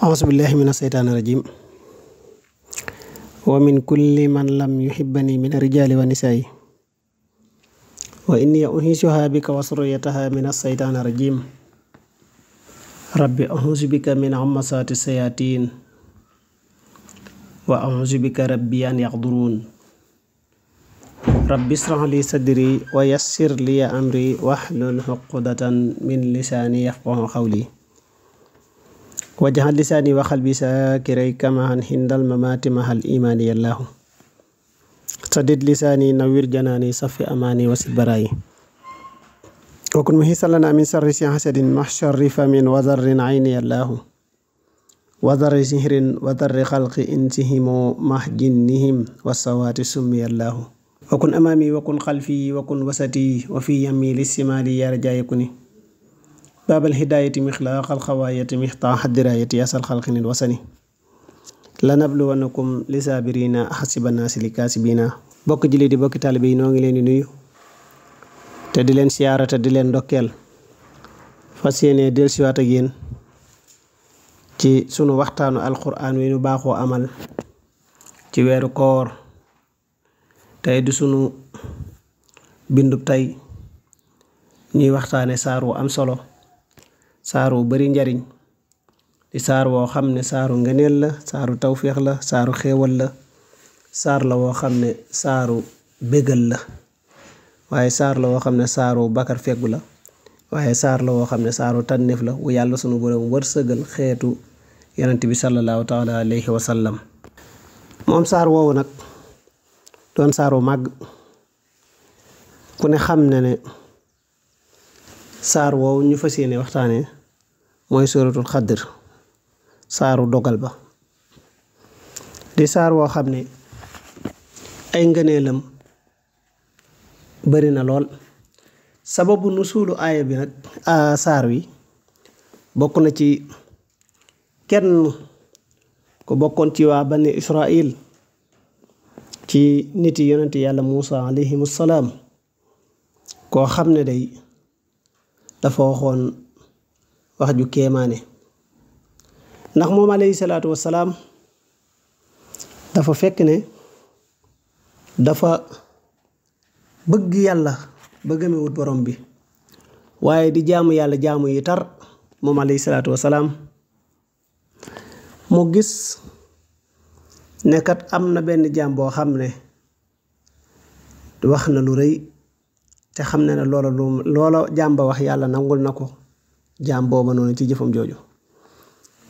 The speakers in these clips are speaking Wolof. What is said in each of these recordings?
axusubillahi min aseytaani rajim wa min kulli man lam yuhibbani min rijaali wa nisaayi wa inni uhisuha bika wa surriyataha min aseytaani rajim rabbi axusu bika min amasaati sayaatiin wa axusu bika rabbi an yaxduruun rabbi israh li sadri wa yassir li amri wahlul uqdatan min lisaani yafqahu qawli wajaxal lisaani waxal bi saakiray kamaxan xindal mamaati mahal imaani yallaahu sadid lisaani nawir janaani safi amaani wasit baraayi وكن مهيسا لنا من شر حسد محشر فمن وذر عين الله وذر سهر وذر خلق انتهم مح جنهم والسوات سمي الله وكن أمامي وكن خلفي وكن وسطي وفي يمي للسمال يا رجاء يكوني baabal hidaayati mixlaaqal xawaayati mixtaaxat diraayati asal xalqi nil wasani lanabluwanakum lisaabirina xasibanaasi li kaasibiina bokk jili di bokki taalibe yi noo ngi leen di nuyu te di leen siyaara te di leen ndokkeel fas yéene dellusiwaat ak yéen ci sunu waxtaanu alxuraan wi nu baaxoo amal ci weeru koor tey di sunu bindub tey ñuy waxtaane saar am solo saar wu bari njariñ di saar woo xam ne saaru ngëneel la saaru tawféex la saaru xéewal la saar la woo xam ne saaru bégal la waaye saar la woo xam ne saaru bakar feggu la waaye saar la woo xam ne saaru tànneef la wu yàlla sunu borom wërsëgal xeetu yonent bi sallallahu taala alayhi wa sallam moom saar woowu nag doon saaru màgg ku ne xam ne ne saar woowu ñu fas yéene waxtaanee mooy suratul xadr saaru dogal ba di saar woo xam ne ay ngëneelam bari na lool sababu nu suulu aaya bi nag saar wi bokk na ci kenn ku bokkoon ci waa bani Israil ci nit yi yonent yàlla Muusa alayhimu koo xam ne day dafa waxoon wax ju kéemaane ndax moom alayhi salaatu wasalaam dafa fekk ne dafa bëgg yàlla ba gëmewut borom bi waaye di jaamu yàlla jaamu yi tar moom alayhi salaatu wasalaam mu gis nekkat am na benn jaam boo xam ne wax na lu rëy xam na ne loola lu loola jaam ba wax yàlla nangul na ko jaam booba noonu ci jëfam jooju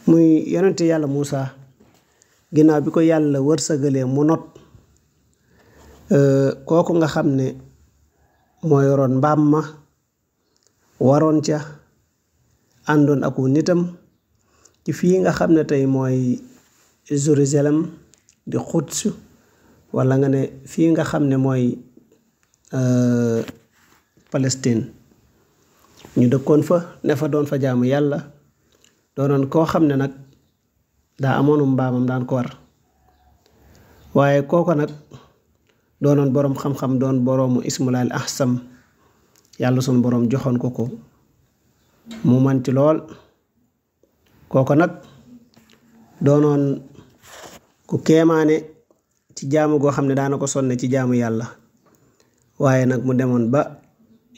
muy yonente yàlla Moussa ginnaaw bi ko yàlla wër sa wërsëgalee mu not euh, kooku nga xam ne moo yoroon mbaam ma waroon ca àndoon aku nitam ci fii nga xam ne tey mooy Jérusalem di Quds walla nga ne fii nga xam ne mooy euh, Palestine ñu dëkkoon fa ne fa doon fa jaamu yàlla doonoon koo xam ne nag daa amoonu mbaam daan ko war waaye kooko nag doonoon boroom xam-xam doon boroomu ismulaal ahsam yàlla sunu boroom joxoon ko ko mu man ci lool kooko nag doonoon ku keemaane ci jaamu goo xam ne daana ko sonne ci jaamu yàlla waaye nag mu demoon ba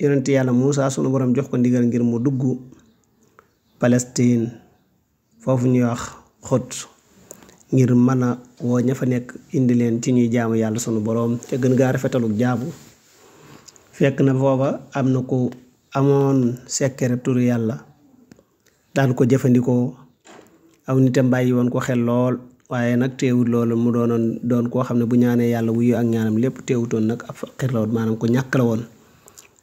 yonent yàlla Muusa sunu borom jox ko ndigal ngir mu dugg Palestine foofu ñuy wax xot ngir mën a woo ña fa nekk indi leen ci ñuy jaamu yàlla sunu boroom te gën gaa rafetalug jaabu fekk na foofa am na ku amoon sekkere turu yàlla daan ko jëfandikoo aw nitam bàyyi woon ko xel lool waaye nag teewut lool mu doonoon doon koo xam ne bu ñaanee yàlla wuyu ak ñaanam lépp teewutoon nag ab faqir la woon maanaam ku ñàkk la woon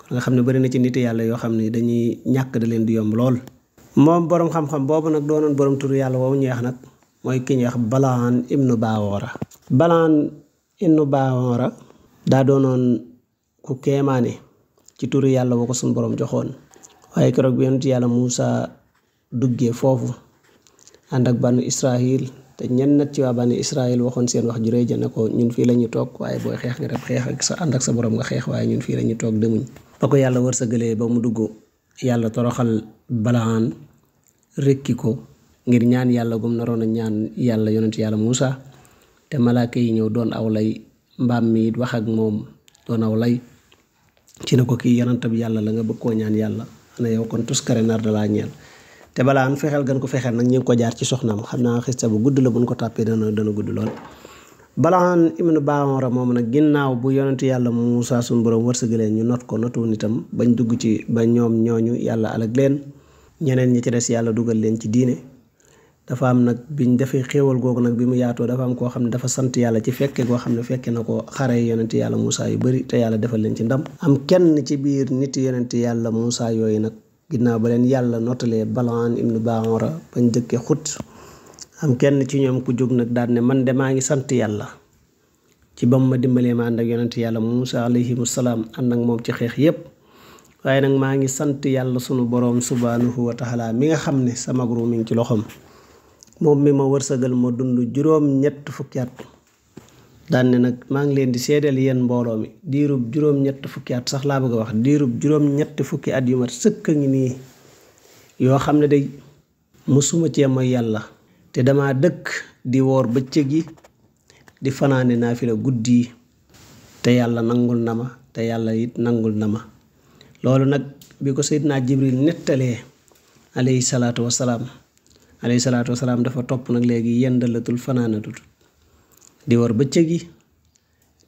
nga xam ne bari na ci nit yàlla yoo xam ne dañuy ñàkk da leen di yomb lool. moom boroom xam-xam boobu nag doonoon borom turu yàlla woowu ñeex nag mooy ki ñeex Balaan ibnu Baawoora. Balaan ibnu Baawoora daa doonoon ku keemaane ci turu yàlla woo ko suñu borom joxoon waaye keroog bi yonent yàlla Muusa duggee foofu ànd ak banu Israil te ñenn nag ci waa banu Israil waxoon seen wax ju rëy ja ne ko ñun fii la ñu toog waaye booy xeex nga dem xeex ak sa ànd ak sa borom nga xeex waaye ñun fii la ñu toog demuñ. ba ko yàlla wërsëgalee ba mu dugg yàlla toroxal balaan rekki ko ngir ñaan yàlla gum naroon a ñaan yàlla yonent yàlla Muusa te malaaka yi ñëw doon aw lay mbaam mi it wax ak moom doon aw lay ci na ko kii yonentab yàlla la nga bëgg koo ñaan yàlla xanaa yow kon tuskare nar da laa ñeel te balaan fexeel gën ko fexeel nag ñu ngi ko jaar ci soxnaam xam naa xista bu gudd la buñ ko tàppee dana dana gudd lool balaan ibnu baamora moom nag ginnaaw bu yonentu yàlla Muusaa suñu borom wërsëgaleen ñu not ko notu nitam bañ dugg ci ba ñoom ñooñu yàlla alag leen ñeneen ñi ci des yàlla dugal leen ci diine dafa am nag biñ defee xéewal googu nag bi mu yaatoo dafa am koo xam ne dafa sant yàlla ci fekke koo xam ne fekkee na ko xare yonent yàlla Muusaa yu bari te yàlla defal leen ci ndam am kenn ci biir nit yonent yàlla Muusaa yooyu nag ginnaaw ba leen yàlla nottalee balaan ibnu baamora bañ dëkkee xut am kenn ci ñoom ku jóg nag daal man de maa ngi sant yàlla ci bam ma dimbalee ma ànd ak yonent yàlla Muusa alayhimu salaam ànd ak moom ci xeex yépp waaye nag maa ngi sant yàlla sunu boroom subhaanahu wa mi nga xam ne sama guru mi ngi ci loxoom moom mi ma wërsëgal ma dund juróom ñett daan nag maa ngi leen di seedeel yéen mbooloo mi diirub juróom at sax laa wax diirub juróom fukki at yu mat sëkk a ngi nii yoo xam ne day suma cee mooy yàlla te damaa dëkk di woor bëccëg yi di fanaane naafila guddi yi te yàlla nangul na ma te yàlla it nangul na ma loolu nag bi ko naa Jibril nettalee alayhi salaatu wasalaam alayhi salaatu wasalaam dafa topp nag léegi yendalatul fanaanatul di war bëccëg yi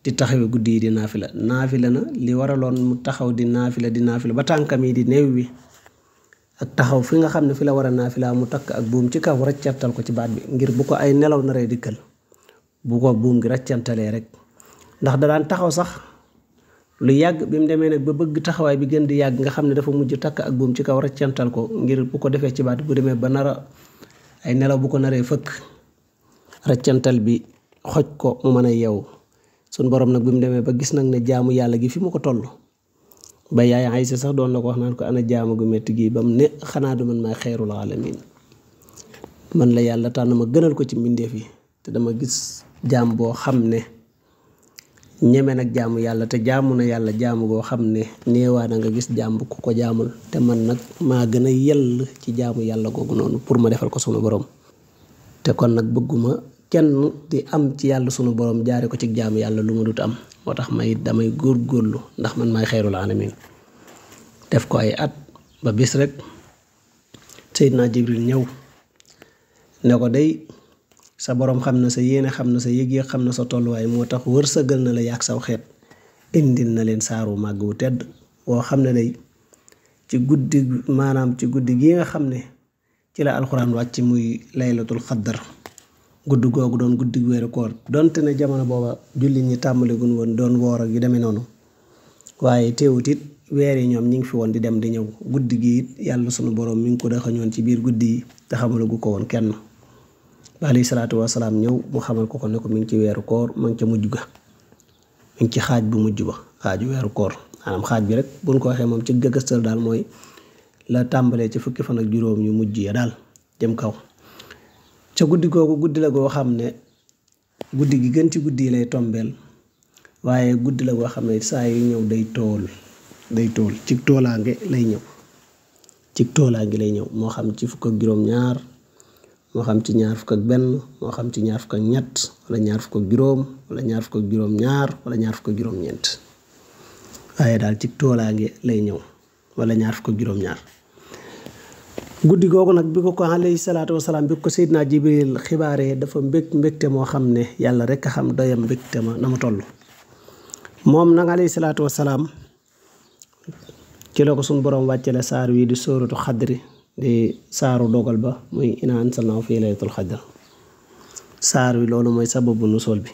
di taxawe guddi yi di naafila naafila na li waraloon mu taxaw di naafila di naafila ba tànkam yi di néew wi ak taxaw fi nga xam ne fi la war a naafila mu takk ak buum ci kaw raccantal ko ci baat bi ngir bu ko ay nelaw naree dikkal bu ko buum gi raccantalee rek ndax da daan taxaw sax lu yàgg bi mu demee nag ba bëgg taxawaay bi gën di yàgg nga xam ne dafa mujj takk ak buum ci kaw raccantal ko ngir bu ko defee ci baat bu demee ba nara ay nelaw bu ko naree fëkk raccantal bi xoj ko mu mën a yeewu suñ borom nag bi mu demee ba gis nag ne jaamu yàlla gi fi mu ko toll ba yaay Aysa sax doon na ko wax naan ko ana jaamu gu métti gii ba mu ne xanaa du man maay xeerul alamin man la yàlla tànn ma gënal ko ci mbindeef yi te dama gis jaam boo xam ne ñeme nag jaamu yàlla te jaamu na yàlla jaamu goo xam ne neewaa na nga gis jaam ku ko jaamul te man nag maa gën a yell ci jaamu yàlla googu noonu pour ma defal ko suma boroom te kon nag bëgguma kenn di am ci yàlla sunu borom jaare ko ci jaamu yàlla lu ma dut am moo tax may damay góor góorlu ndax man may xeyrul alamin def ko ay at ba bis rek Seydina Jibril ñëw ne ko day sa borom xam na sa yéene xam na sa yëg-yëg xam na sa tolluwaay moo tax wërsëgal na la yàgg saw xeet indil na leen saaru màgg wu tedd woo xam ne day ci guddi maanaam ci guddi gi nga xam ne ci la alxuraan wàcc muy laylatul xaddar gudd googu doon guddi wéeru koor dont ne jamono booba jullit ñi tàmbalegun woon doon woor ak yu demee noonu waaye te wut it weer yi ñoom ñi ngi fi woon di dem di ñëw guddi gi it yàlla suñu borom mi ngi ko daxañoon ci biir guddi yi te xamalagu ko woon kenn alayhi salaatu wasalaam ñëw mu xamal ko ko ne ko ngi ci weeru koor ma ngi ca mujj ga mu ngi ci xaaj bu mujj ba xaaju weeru koor maanaam xaaj bi rek buñ ko waxee moom ci gëgëstal daal mooy la tàmbalee ci fukki fan ak juróom yu mujj ya daal dem kaw ca guddi googu guddi la goo xam ne guddi gi gën ci guddi lay tombeel waaye guddi la goo xam ne saa yu ñëw day tool day tool ci toolaange lay ñëw ci toolaange lay ñëw moo xam ci fukk ak juróom-ñaar moo xam ci ñaar fukk ak benn moo xam ci ñaar fukk ak ñett wala ñaar fukk ak juróom ñaar fukk ñaar fukk juróom-ñeent waaye daal ci toolaange lay ñëw wala ñaar fukk juróom-ñaar. guddi googu nag bi ko ko alayhi salaatu wasalaam bi ko Seydina Jibril xibaaree dafa mbég mbégte moo xam ne yàlla rek a xam doyam mbégte ma na mu toll moom nag alayhi salaatu wasalaam ci la ko suñu boroom wàccale saar wi di sóoratu xadri di saaru dogal ba muy inaa anzalnaahu fii laylatul xadr saar wi loolu mooy sababu sol bi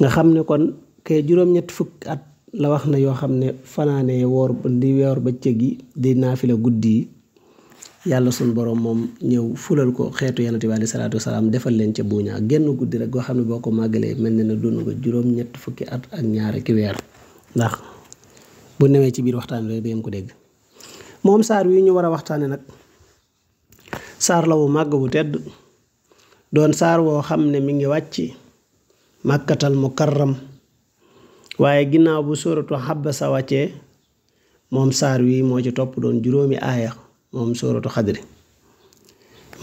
nga xam ne kon kay juróom-ñett fukki at la wax na yoo xam ne fanaanee woor di woor bëccëg yi di naafila guddi yi yàlla suñu borom moom ñëw fulal ko xeetu yonent bi aleyhi salaatu wasalaam defal leen ca buuñaa génn guddi rek goo xam ne boo ko màggalee mel na ne dund nga juróom-ñett fukki at ak ñaari kiweer ndax bu newee ci biir waxtaan rek dangeen ko dégg moom saar wi ñu war a waxtaane nag saar la wu màgg bu tedd doon saar woo xam ne mi ngi wàcc màkkatal mukarram waaye ginnaaw bu sóoratu xàbbasa wàcce moom saar wi moo ci topp doon juróomi aaya moom sóoratu xadri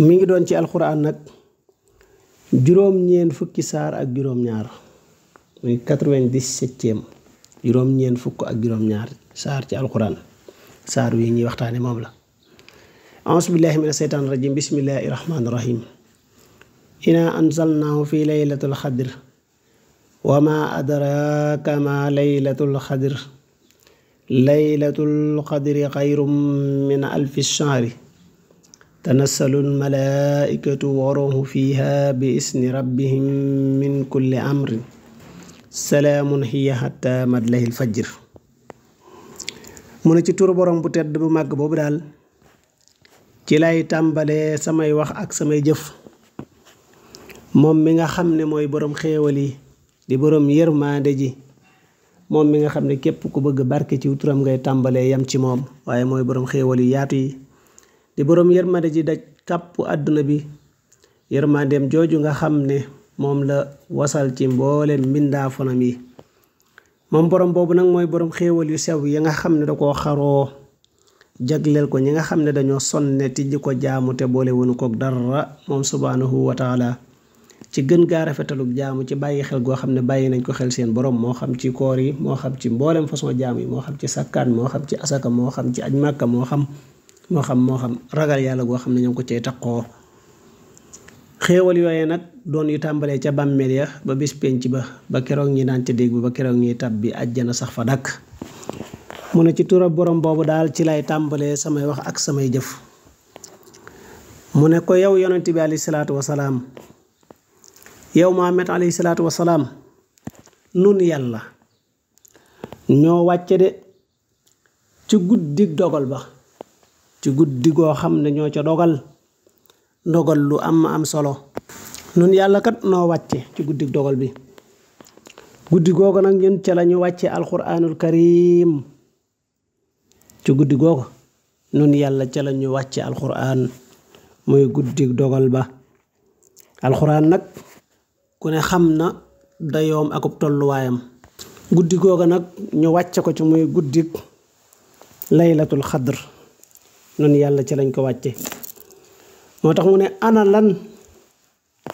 mu ngi doon ci alxuraan nag juróom-ñeent fukki saar ak juróom-ñaar muy quatre-vingt-dix-septième juróom ñeent fukk ak juróom-ñaar saar ci alxuraan saar wi ñuy waxtaane moom la auzu billahi mina seytaan rajim bismillahi rahmaani rahim inaa anzalnaahu fi laylatul xadr wa ma adraka ma laylatul xadr laylatul qadri xayrum min alfi shahri tanassalu almalaikatu waruhu fiha bi isni rabbihim min kulli amrin salaamun hiya hatta madlahil fajr mu ne ci turu borom bu tedd bu màgg boobu daal ci lay tàmbalee samay wax ak samay jëf moom mi nga xam ne mooy borom xéewal yi di borom yërmaande ji moom mi nga xam ne képp ku bëgg barke ci turam ngay tàmbalee yam ci moom waaye mooy boroom xéewal yu yaatu yi di boroom yërmande ji daj kàpp àdduna bi yërmandeem jooju nga xam ne moom la wasal ci mbooleem mbindaafonam yi moom boroom boobu nag mooy boroom xéewal yu sew yi nga xam ne da koo xaroo jagleel ko ñi nga xam ne dañoo sonne ti ji ko jaamu te boole wonu kook dara moom subhaanahu wa ci gën gaa rafetalug jaamu ci bàyyi xel goo xam ne bàyyi nañ ko xel seen borom moo xam ci koor yi moo xam ci mboolem façon jaamu yi moo xam ci sakkaan moo xam ci asaka moo xam ci aj màkka moo xam moo xam moo xam ragal yàlla goo xam ne ñoo ko cay taqoo xéewal yooye nag doon yu tàmbalee ca bàmmeel ya ba bis penc ba ba keroog ñi naan ca dégg ba ba keroog ñuy tab bi àjjana sax fa dakk mu ne ci tura borom boobu daal ci lay tàmbalee samay wax ak samay jëf mu ne ko yow yow Muhammad alayhi salaatu wa salaam nun yàlla ñoo wàcce de ci guddi dogal ba ci guddi goo xam ne ñoo ca dogal dogal lu am am solo nun yàlla kat noo wàcce ci guddi dogal bi guddi googu nag ñun ca lañu wàcce alxuraanul karim ci guddi googu nun yàlla ca lañu wàcce alxuraan mooy guddi dogal ba alxuraan nag ku ne xam na dayoom akub tolluwaayam guddi googa nag ñu wàcce ko ci muy guddik laylatul xadr noonu yàlla ci lañ ko wàcce moo tax mu ne ana lan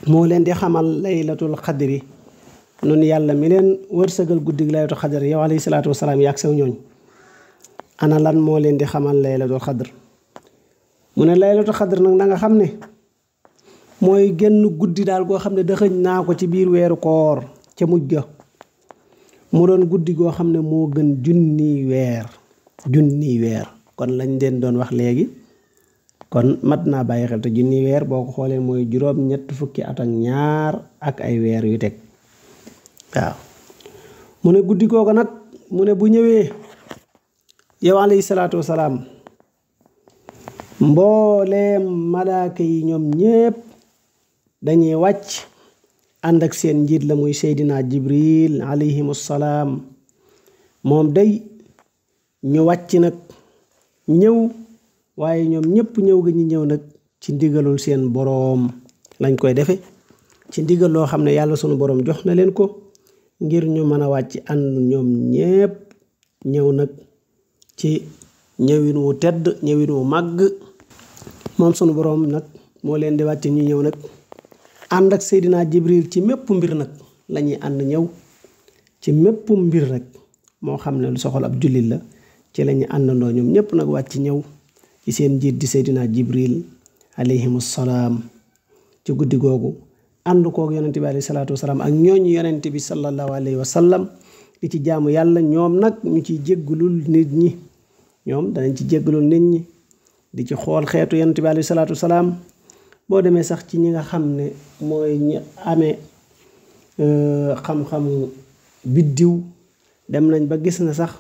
moo leen di xamal laylatul xadri noonu yàlla mi leen wërsëgal guddik laylatul xadr yow alayhi salaatu wasalaam yaag sew ñooñ ana lan moo leen di xamal laylatul xadr mu ne laylatul xadr nag na nga xam ne mooy genn guddi daal goo xam ne dëxëñ naa ko ci biir weeru koor ca mujj ga mu doon guddi goo xam ne moo gën junni weer junni weer kon lañ leen doon wax léegi kon mat naa bàyyi xel te junni weer boo ko xoolee mooy juróom ñett fukki atak ñaar ak ay weer yu teg waaw mu ne guddi googu nag mu ne bu ñëwee yow alayhi salaatu wasalaam mbooleem malaaka yi ñoom ñépp dañuy wàcc ànd ak seen njiit la muy seydina jibril alayhim salaam moom day ñu wàcc nag ñëw waaye ñoom ñépp ñëw ga ñu ñëw nag ci ndigalul seen boroom lañ koy defe ci ndigal loo xam ne yàlla sunu boroom jox na leen ko ngir ñu mën a wàcc ànd ñoom ñépp ñëw nag ci ñëwin wu tedd ñëwin wu màgg moom sunu boroom nag moo leen di wàcc ñu ñëw nag ànd ak seydinaa Jibril ci mépp mbir nag lañuy ànd ñëw ci mépp mbir nag moo xam ne lu soxal ab jullit la ci lañuy ñuy àndandoo ñoom ñëpp nag wàcc ñëw ci seen njiit di Seydina Jibril alayhimu salaam ci guddi googu ànd koog yonente bi alayhi ak ñooñu yonente bi sallallahu alayhi wa sallam di ci jaamu yàlla ñoom nag ñu ci jéggalul nit ñi ñoom danañ ci jéggalul nit ñi di ci xool xeetu yonente bi alayhi salaatu wasalaam boo demee sax ci ñi nga xam ne mooy ñi amee euh, xam-xamu biddiw dem nañ ba gis na sax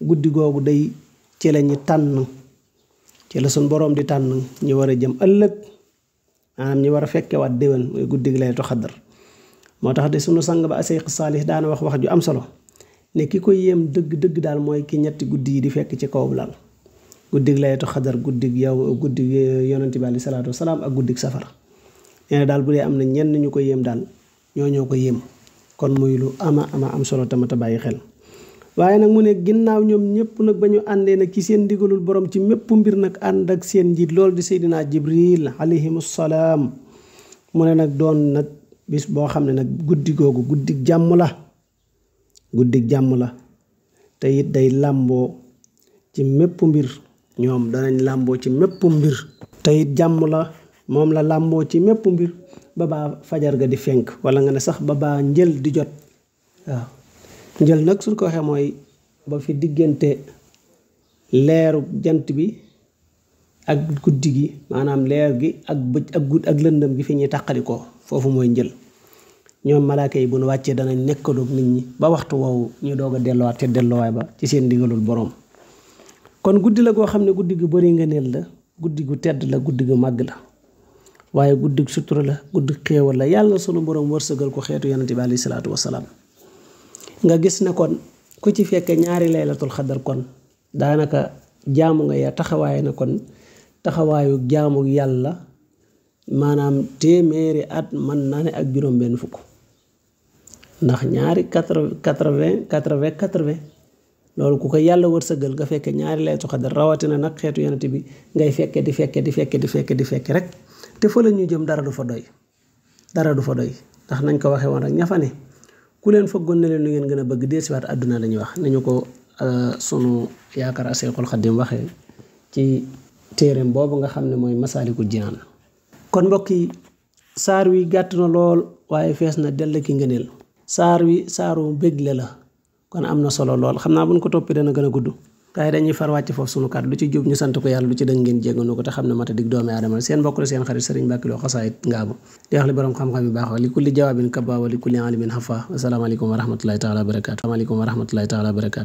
guddi googu day ci la ñu tànn ci la suñ boroom di tànn ñu war a jëm ëllëg maanaam ñu war a fekkewaat déwén muy guddi gi laytu xadar moo tax de sunu sang ba aseyq saalih daana wax wax ju am solo ne ki ko yéem dëgg dëgg daal mooy ki ñetti guddi yi di fekk ci kaw lal guddig layatu xadar guddig yow guddig eh, yonente bi alei salaatu wasalaam ak guddig safar nee daal bu dee am na ñenn ñu ko yéem daal ñoo ñoo ko yéem kon muy lu ama ama am solo tamata bàyyi xel waaye nag mu ne ginnaaw ñoom ñëpp nag ba ñu àndee nag ci seen ndigalul borom ci mépp mbir nag ànd ak seen njiit loolu di seydinaa jibril alayhim salaam mu ne nag doon nag bis boo xam ne nag guddi googu guddi jàmm la guddi jàmm la te it day làmboo ci mépp mbir ñoom danañ làmboo ci mépp mbir tey jàmm la moom la làmboo ci mépp mbir ba baa fajar ga di fenk wala nga ne sax ba baa njël di jot waaw njël nag suñ ko waxee mooy ba fi diggante leeru jant bi ak guddi gi maanaam leer gi ak bëj ak gud ak lëndëm gi fi ñuy tàqalikoo foofu mooy njël ñoom malaaka yi bu nu wàccee danañ nekkadoog nit ñi ba waxtu woowu ñu doog a delluwaat ca delluwaay ba ci seen ndigalul boroom kon guddi la goo xam ne guddi gu bari nga ngëneel la guddi gu tedd la guddi gu màgg la waaye guddi sutura la guddi xéewal la yàlla sunu borom wërsëgal ko xeetu yonent bi alayhi salaatu wasalaam nga gis ne kon ku ci fekk ñaari laylatul xadar kon daanaka jaamu nga ya taxawaay na kon taxawaayu jaamu yàlla maanaam téeméeri at mën naa ne ak juróom-benn fukk ndax ñaari quatre quatre vingt quatre vingt quatre vingt loolu ku ko yàlla sa gël nga fekke ñaari laytu xadar rawatina nag xeetu yonent bi ngay fekke di fekke di fekke di fekke di fekke rek te fa la ñu jëm dara du fa doy dara du fa doy ndax nañ ko waxee woon rek ña fa ne ku leen fëggoon na leen lu ngeen gën a bëgg dee si waat àdduna lañuy wax nañu ko euh, sunu yaakaar Aseyxul Xadim waxee ci téereem boobu nga xam ne mooy Masaalikul Jinaan kon mbokk yi saar wi gàtt na lool waaye fees na dell ki ngëneel saar wi saaru bégle la kon am na solo lool xam naa buñ ko toppee dana gën a gudd gars dañuy far wàcc foofu sunu kàddu lu ci jub ñu sant ko yàlla lu ci dëng ngeen jégganu ko te xam ne mata dig doomi aadama seen bokk seen xarit sëriñ Mbàkke Lo xasaayit ngaabu di wax li borom xam-xam yi baax wa li kulli jawaabin kabaa li kulli alimin xafa asalaamaaleykum wa rahmatullahi taala